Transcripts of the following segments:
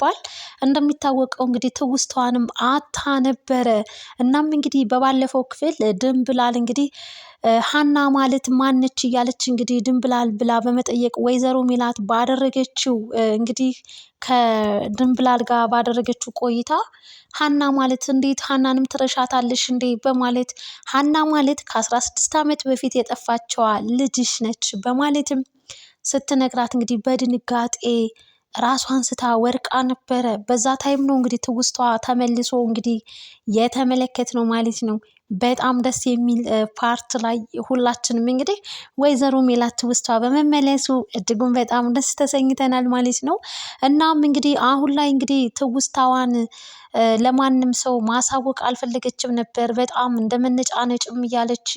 ስትባል እንደሚታወቀው እንግዲህ ትውስታዋንም አታ ነበረ። እናም እንግዲህ በባለፈው ክፍል ድንብላል እንግዲህ ሀና ማለት ማነች እያለች እንግዲህ ድንብላል ብላ በመጠየቅ ወይዘሮ ሚላት ባደረገችው እንግዲህ ከድንብላል ጋር ባደረገችው ቆይታ ሀና ማለት እንዴት ሀናንም ትረሻታለሽ እንዴ? በማለት ሀና ማለት ከ16 ዓመት በፊት የጠፋቸዋ ልጅሽ ነች በማለትም ስትነግራት እንግዲህ በድንጋጤ ራሷን ስታ ወርቃ ነበረ። በዛ ታይም ነው እንግዲህ ትውስቷ ተመልሶ እንግዲህ የተመለከት ነው ማለት ነው። በጣም ደስ የሚል ፓርት ላይ ሁላችንም እንግዲህ ወይዘሮ ሜላት ትውስቷ በመመለሱ እጅጉን በጣም ደስ ተሰኝተናል ማለት ነው። እናም እንግዲህ አሁን ላይ እንግዲህ ትውስታዋን ለማንም ሰው ማሳወቅ አልፈለገችም ነበር። በጣም እንደመነጫነጭም እያለች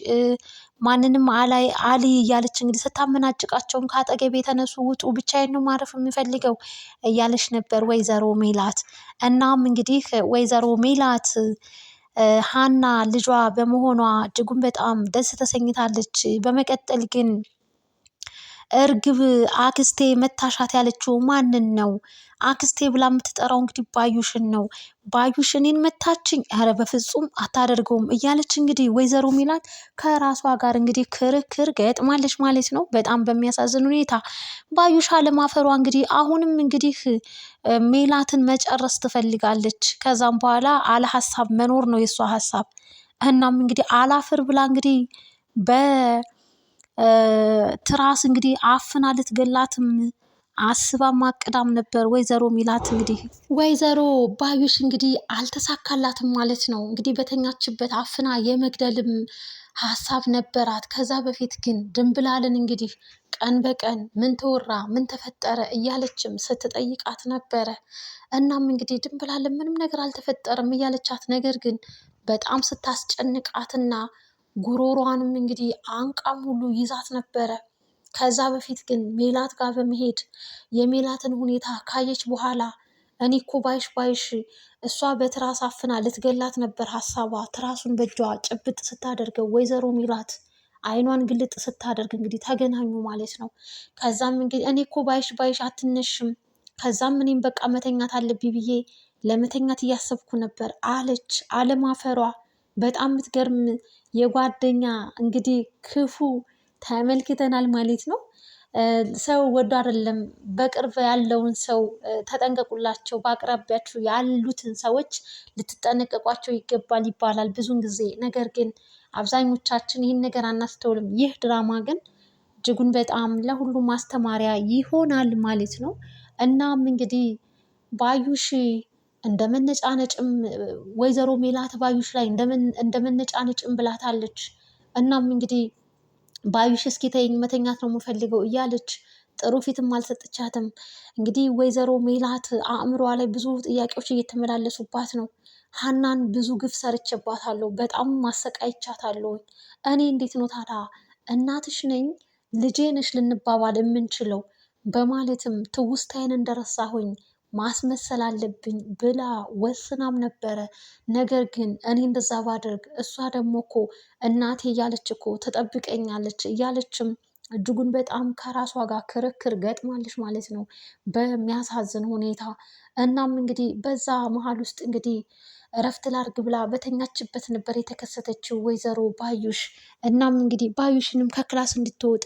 ማንንም አላይ አሊ እያለች እንግዲህ ስታመናጭቃቸውን ከአጠገቤ የተነሱ ውጡ ብቻዬን ነው ማረፍ የሚፈልገው እያለች ነበር ወይዘሮ ሜላት። እናም እንግዲህ ወይዘሮ ሜላት ሀና ልጇ በመሆኗ እጅጉን በጣም ደስ ተሰኝታለች። በመቀጠል ግን እርግብ አክስቴ መታሻት ያለችው ማንን ነው? አክስቴ ብላ የምትጠራው እንግዲህ ባዩሽን ነው። ባዩሽ እኔን መታችኝ፣ ኧረ በፍጹም አታደርገውም እያለች እንግዲህ ወይዘሮ ሚላት ከራሷ ጋር እንግዲህ ክርክር ገጥማለች ማለት ነው። በጣም በሚያሳዝን ሁኔታ ባዩሽ አለማፈሯ እንግዲህ አሁንም እንግዲህ ሜላትን መጨረስ ትፈልጋለች። ከዛም በኋላ አለ ሀሳብ መኖር ነው የእሷ ሀሳብ። እናም እንግዲህ አላፍር ብላ እንግዲህ በ ትራስ እንግዲህ አፍና ልትገላትም አስባ አቅዳም ነበር ወይዘሮ ሚላት እንግዲህ ወይዘሮ ባዩሽ እንግዲህ አልተሳካላትም ማለት ነው። እንግዲህ በተኛችበት አፍና የመግደልም ሀሳብ ነበራት። ከዛ በፊት ግን ድንብላልን እንግዲህ ቀን በቀን ምን ተወራ፣ ምን ተፈጠረ እያለችም ስትጠይቃት ነበረ። እናም እንግዲህ ድንብላልን ምንም ነገር አልተፈጠረም እያለቻት ነገር ግን በጣም ስታስጨንቃትና ጉሮሯንም እንግዲህ አንቃም ሁሉ ይዛት ነበረ። ከዛ በፊት ግን ሜላት ጋር በመሄድ የሜላትን ሁኔታ ካየች በኋላ እኔ እኮ ባይሽ ባይሽ እሷ በትራስ አፍና ልትገላት ነበር ሀሳቧ። ትራሱን በእጇ ጭብጥ ስታደርገው ወይዘሮ ሜላት አይኗን ግልጥ ስታደርግ እንግዲህ ተገናኙ ማለት ነው። ከዛም እንግዲህ እኔ እኮ ባይሽ ባይሽ አትነሽም፣ ከዛም እኔም በቃ መተኛት አለብኝ ብዬ ለመተኛት እያሰብኩ ነበር አለች አለማፈሯ በጣም የምትገርም የጓደኛ እንግዲህ ክፉ ተመልክተናል ማለት ነው። ሰው ወዶ አይደለም በቅርብ ያለውን ሰው ተጠንቀቁላቸው፣ በአቅራቢያችሁ ያሉትን ሰዎች ልትጠነቀቋቸው ይገባል ይባላል ብዙን ጊዜ። ነገር ግን አብዛኞቻችን ይህን ነገር አናስተውልም። ይህ ድራማ ግን እጅጉን በጣም ለሁሉም ማስተማሪያ ይሆናል ማለት ነው። እናም እንግዲህ ባዩሽ እንደ መነጫነጭም ወይዘሮ ሜላት ባዩሽ ላይ እንደ መነጫነጭም ብላታለች። እናም እንግዲህ ባዩሽ እስኪ ተይኝ መተኛት ነው የምፈልገው እያለች ጥሩ ፊትም አልሰጥቻትም። እንግዲህ ወይዘሮ ሜላት አእምሯ ላይ ብዙ ጥያቄዎች እየተመላለሱባት ነው። ሀናን ብዙ ግፍ ሰርቼባታለሁ፣ በጣም ማሰቃይቻታለሁ። እኔ እንዴት ነው ታዲያ እናትሽ ነኝ ልጄ ነሽ ልንባባል የምንችለው? በማለትም ትውስታዬን እንደረሳሁኝ ማስመሰል አለብኝ ብላ ወስናም ነበረ። ነገር ግን እኔ እንደዛ ባደርግ እሷ ደግሞ እኮ እናቴ እያለች እኮ ትጠብቀኛለች እያለችም እጅጉን በጣም ከራሷ ጋር ክርክር ገጥማለች ማለት ነው፣ በሚያሳዝን ሁኔታ። እናም እንግዲህ በዛ መሀል ውስጥ እንግዲህ እረፍት ላርግ ብላ በተኛችበት ነበር የተከሰተችው ወይዘሮ ባዩሽ። እናም እንግዲህ ባዩሽንም ከክላስ እንድትወጣ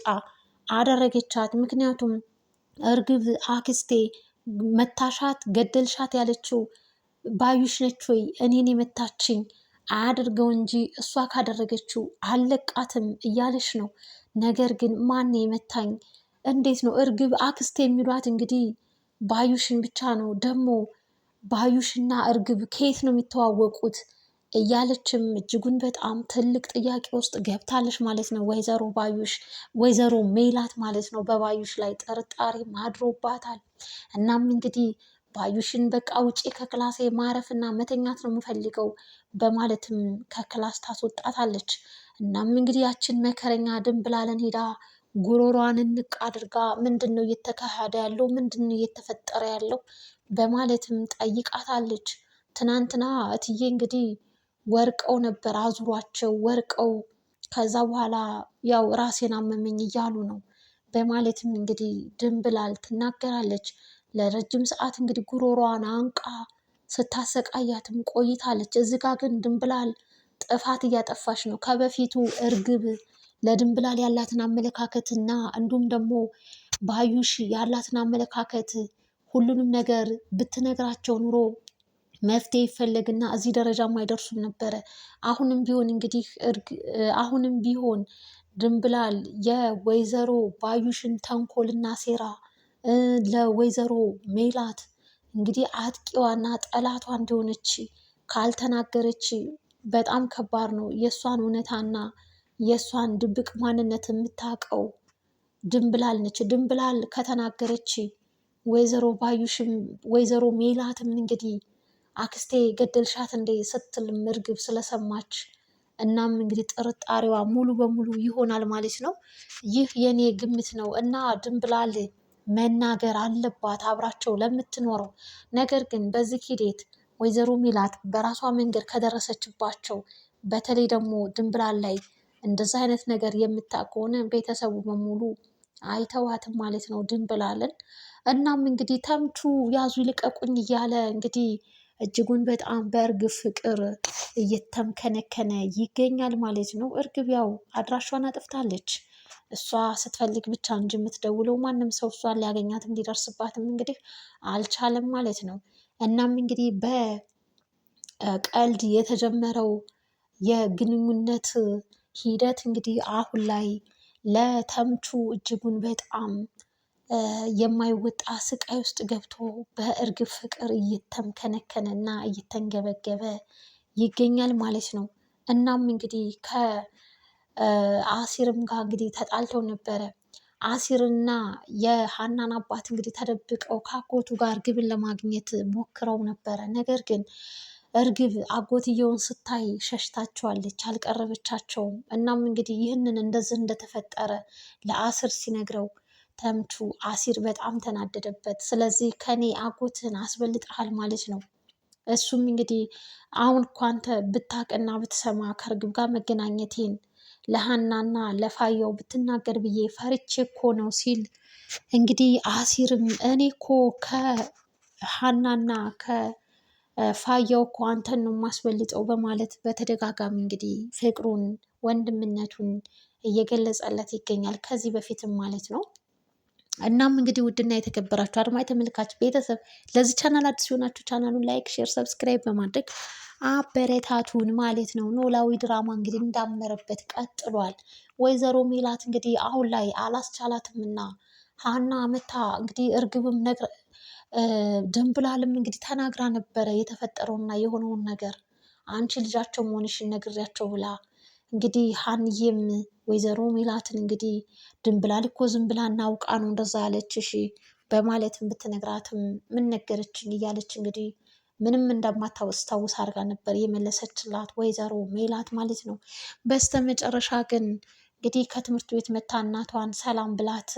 አደረገቻት። ምክንያቱም እርግብ አክስቴ መታሻት ገደልሻት ያለችው ባዩሽ ነች ወይ? እኔን የመታችኝ አያደርገው እንጂ እሷ ካደረገችው አለቃትም እያለች ነው። ነገር ግን ማን የመታኝ? እንዴት ነው እርግብ አክስት የሚሏት እንግዲህ ባዩሽን ብቻ ነው። ደግሞ ባዩሽና እርግብ ከየት ነው የሚተዋወቁት? እያለችም እጅጉን በጣም ትልቅ ጥያቄ ውስጥ ገብታለች ማለት ነው። ወይዘሮ ባዩሽ ወይዘሮ ሜላት ማለት ነው በባዩሽ ላይ ጥርጣሬ ማድሮባታል። እናም እንግዲህ ባዩሽን በቃ ውጪ ከክላሴ ማረፍ እና መተኛት ነው የምፈልገው በማለትም ከክላስ ታስወጣታለች። እናም እንግዲህ ያችን መከረኛ ብላለን ሄዳ ጉሮሯን እንቅ አድርጋ ምንድን ነው እየተካሄደ ያለው? ምንድን ነው እየተፈጠረ ያለው? በማለትም ጠይቃታለች። ትናንትና እትዬ እንግዲህ ወርቀው ነበር አዙሯቸው ወርቀው ከዛ በኋላ ያው ራሴን አመመኝ እያሉ ነው። በማለትም እንግዲህ ድንብላል ትናገራለች። ለረጅም ሰዓት እንግዲህ ጉሮሯን አንቃ ስታሰቃያትም ቆይታለች። እዚህ ጋ ግን ድንብላል ጥፋት እያጠፋች ነው። ከበፊቱ እርግብ ለድንብላል ያላትን አመለካከት እና እንዲሁም ደግሞ ባዩሽ ያላትን አመለካከት ሁሉንም ነገር ብትነግራቸው ኑሮ መፍትሄ ይፈለግና እዚህ ደረጃም አይደርሱም ነበረ። አሁንም ቢሆን እንግዲህ አሁንም ቢሆን ድንብላል የወይዘሮ ባዩሽን ተንኮልና ሴራ ለወይዘሮ ሜላት እንግዲህ አጥቂዋና ጠላቷ እንደሆነች ካልተናገረች በጣም ከባድ ነው። የእሷን እውነታና የእሷን ድብቅ ማንነት የምታውቀው ድንብላል ነች። ድንብላል ከተናገረች ወይዘሮ ባዩሽም ወይዘሮ ሜላትም እንግዲህ አክስቴ ገደልሻት እንዴ ስትል ምርግብ ስለሰማች እናም እንግዲህ ጥርጣሬዋ ሙሉ በሙሉ ይሆናል ማለት ነው። ይህ የኔ ግምት ነው እና ድንብላል መናገር አለባት አብራቸው ለምትኖረው። ነገር ግን በዚህ ሂደት ወይዘሮ ሚላት በራሷ መንገድ ከደረሰችባቸው በተለይ ደግሞ ድንብላል ላይ እንደዛ አይነት ነገር የምታ ከሆነ ቤተሰቡ በሙሉ አይተዋትም ማለት ነው ድንብላልን። እናም እንግዲህ ተምቹ ያዙ ይልቀቁኝ እያለ እንግዲህ እጅጉን በጣም በእርግ ፍቅር እየተምከነከነ ይገኛል ማለት ነው። እርግብ ያው አድራሿን አጥፍታለች። እሷ ስትፈልግ ብቻ እንጂ የምትደውለው ማንም ሰው እሷን ሊያገኛትም ሊደርስባትም እንግዲህ አልቻለም ማለት ነው። እናም እንግዲህ በቀልድ የተጀመረው የግንኙነት ሂደት እንግዲህ አሁን ላይ ለተምቹ እጅጉን በጣም የማይወጣ ስቃይ ውስጥ ገብቶ በእርግብ ፍቅር እየተምከነከነ እና እየተንገበገበ ይገኛል ማለት ነው። እናም እንግዲህ ከአሲርም ጋር እንግዲህ ተጣልተው ነበረ። አሲርና የሀናን አባት እንግዲህ ተደብቀው ከአጎቱ ጋር እርግብን ለማግኘት ሞክረው ነበረ። ነገር ግን እርግብ አጎትየውን ስታይ ሸሽታቸዋለች፣ አልቀረበቻቸውም። እናም እንግዲህ ይህንን እንደዚህ እንደተፈጠረ ለአሲር ሲነግረው ተምቹ አሲር በጣም ተናደደበት። ስለዚህ ከኔ አጎትህን አስበልጥሃል ማለት ነው። እሱም እንግዲህ አሁን እኮ አንተ ብታቅና ብትሰማ ከእርግብ ጋር መገናኘቴን ለሀናና ለፋየው ብትናገር ብዬ ፈርቼ እኮ ነው ሲል እንግዲህ አሲርም እኔ እኮ ከሀናና ከፋየው እኮ አንተን ነው የማስበልጠው በማለት በተደጋጋሚ እንግዲህ ፍቅሩን ወንድምነቱን እየገለጸለት ይገኛል። ከዚህ በፊትም ማለት ነው እናም እንግዲህ ውድና የተከበራችሁ አድማጭ ተመልካች ቤተሰብ ለዚህ ቻናል አዲስ ሲሆናችሁ ቻናሉን ላይክ፣ ሼር፣ ሰብስክራይብ በማድረግ አበረታቱን ማለት ነው። ኖላዊ ድራማ እንግዲህ እንዳመረበት ቀጥሏል። ወይዘሮ ሜላት እንግዲህ አሁን ላይ አላስቻላትም እና ሀና መታ እንግዲህ እርግብም ነግረ ድንብላልም እንግዲህ ተናግራ ነበረ የተፈጠረውና የሆነውን ነገር አንቺ ልጃቸው መሆንሽን ነግሬያቸው ብላ እንግዲህ ሀንዬም ወይዘሮ ሜላትን እንግዲህ ድንብላል እኮ ዝም ብላ እናውቃ ነው እንደዛ ያለችሽ በማለትም ብትነግራትም ምን ነገረችን እያለች እንግዲህ ምንም እንደማታስታውስ አድርጋ ነበር የመለሰችላት ወይዘሮ ሜላት ማለት ነው። በስተ መጨረሻ ግን እንግዲህ ከትምህርት ቤት መታ እናቷን ሰላም ብላት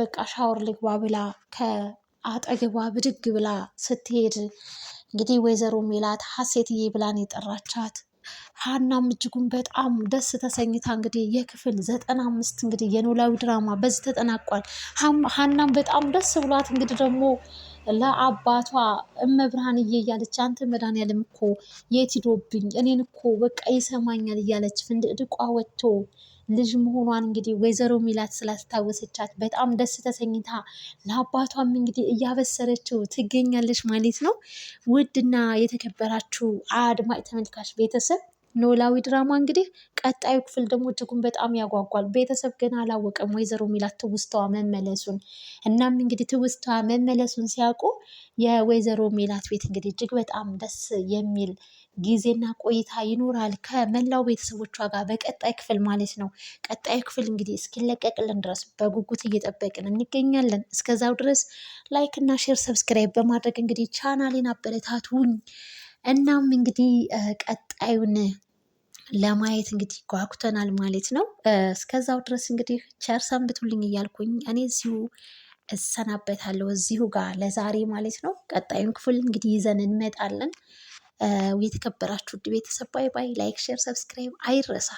በቃ ሻወር ልግባ ብላ ከአጠገቧ ብድግ ብላ ስትሄድ እንግዲህ ወይዘሮ ሜላት ሀሴትዬ ብላን የጠራቻት ሀናም እጅጉን በጣም ደስ ተሰኝታ እንግዲህ የክፍል ዘጠና አምስት እንግዲህ የኖላዊ ድራማ በዚህ ተጠናቋል። ሀናም በጣም ደስ ብሏት እንግዲህ ደግሞ ለአባቷ እመብርሃን እያለች አንተ መድኃኒዓለም እኮ የት ሂዶብኝ እኔን እኮ በቃ ይሰማኛል እያለች ፍንድቅድቋ ወጥቶ ልጅ መሆኗን እንግዲህ ወይዘሮ ሚላት ስላስታወሰቻት በጣም ደስ ተሰኝታ ለአባቷም እንግዲህ እያበሰረችው ትገኛለች ማለት ነው። ውድና የተከበራችሁ አድማጭ ተመልካች ቤተሰብ ኖላዊ ድራማ እንግዲህ ቀጣዩ ክፍል ደግሞ እጅጉን በጣም ያጓጓል። ቤተሰብ ገና አላወቀም ወይዘሮ ሚላት ትውስታዋ መመለሱን። እናም እንግዲህ ትውስታዋ መመለሱን ሲያውቁ የወይዘሮ ሚላት ቤት እንግዲህ እጅግ በጣም ደስ የሚል ጊዜና ቆይታ ይኖራል ከመላው ቤተሰቦቿ ጋር በቀጣይ ክፍል ማለት ነው። ቀጣይ ክፍል እንግዲህ እስኪለቀቅልን ድረስ በጉጉት እየጠበቅን እንገኛለን። እስከዛው ድረስ ላይክ እና ሼር፣ ሰብስክራይብ በማድረግ እንግዲህ ቻናሌን አበረታቱኝ። እናም እንግዲህ ቀጣዩን ለማየት እንግዲህ ጓጉተናል ማለት ነው። እስከዛው ድረስ እንግዲህ ቸር ሰንብቱልኝ እያልኩኝ እኔ እዚሁ እሰናበታለሁ እዚሁ ጋር ለዛሬ ማለት ነው። ቀጣዩን ክፍል እንግዲህ ይዘን እንመጣለን። የተከበራችሁ ውድ ቤተሰብ ባይ ባይ። ላይክ፣ ሼር፣ ሰብስክራይብ አይረሳ።